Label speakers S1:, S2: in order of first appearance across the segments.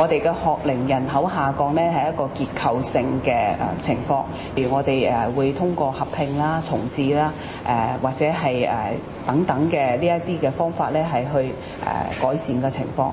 S1: 我哋嘅學齡人口下降咧，係一個結構性嘅誒情況。而我哋誒會通過合併啦、重置啦、誒或者係誒等等嘅呢一啲嘅方法咧，係去誒改善嘅情況。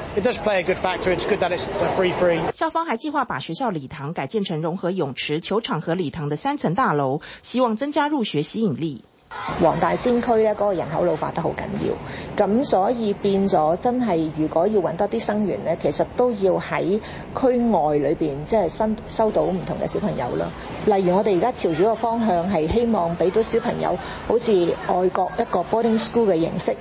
S1: 校方還計劃把學校禮堂改建成融合泳池、球場和禮堂的三層大樓，希望增加入學吸引力。黃大仙區咧，嗰個人口老化得好緊要，咁所以變咗真係，如果要揾多啲生源咧，其實都要喺區
S2: 外裏邊，即係新收到唔同嘅小朋友啦。例如我哋而家朝住個方向係希望俾到小朋友，好似外國一個 boarding school 嘅形式。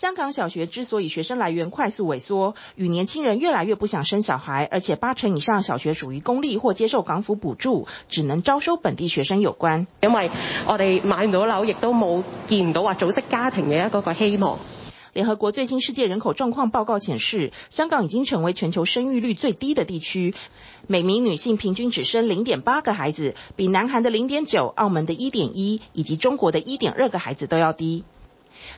S1: 香港小學之所以學生來源快速萎縮，與年輕人越來越不想生小孩，而且八成以上小學屬於公立或接受港府補助，只能招收本地學生有關。因為我哋買唔到樓，亦都冇見唔到話組織家庭嘅一個個希望。聯合國最新世界人口狀況報告顯示，香港已經成為全球生育率最低的地區，每名女性平均只生零點八個孩子，比南韓的零點九、澳門的一點一以及中國的一點二個孩子都要低。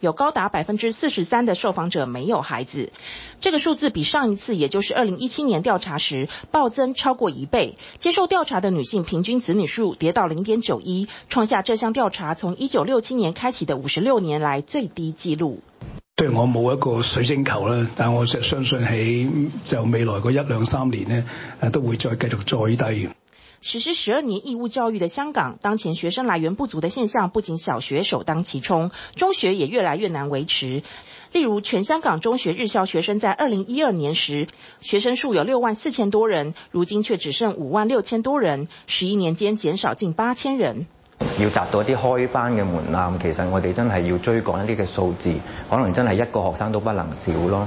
S1: 有高達百分之四十三的受訪者沒有孩子，這個數字比上一次，也就是二零一七年調查時暴增超過一倍。接受調查的女性平均子女數跌到零點九一，創下這項調查從一九六七年開啟的五十六年來最低紀錄。
S3: 雖然我冇一個水晶球啦，但我相信喺就未來嗰一兩三年呢，都會再繼續再低。
S1: 實施十二年義務教育嘅香港，當前學生來源不足的現象不僅小學首當其衝，中學也越來越難維持。例如，全香港中學日校學生在二零一二年時，學生數有六萬四千多人，如今卻只剩五萬六千多人，十一年間減少近八千人。
S3: 要達到一啲開班嘅門檻，其實我哋真係要追趕一啲嘅數字，可能真係一個學生都不能少咯。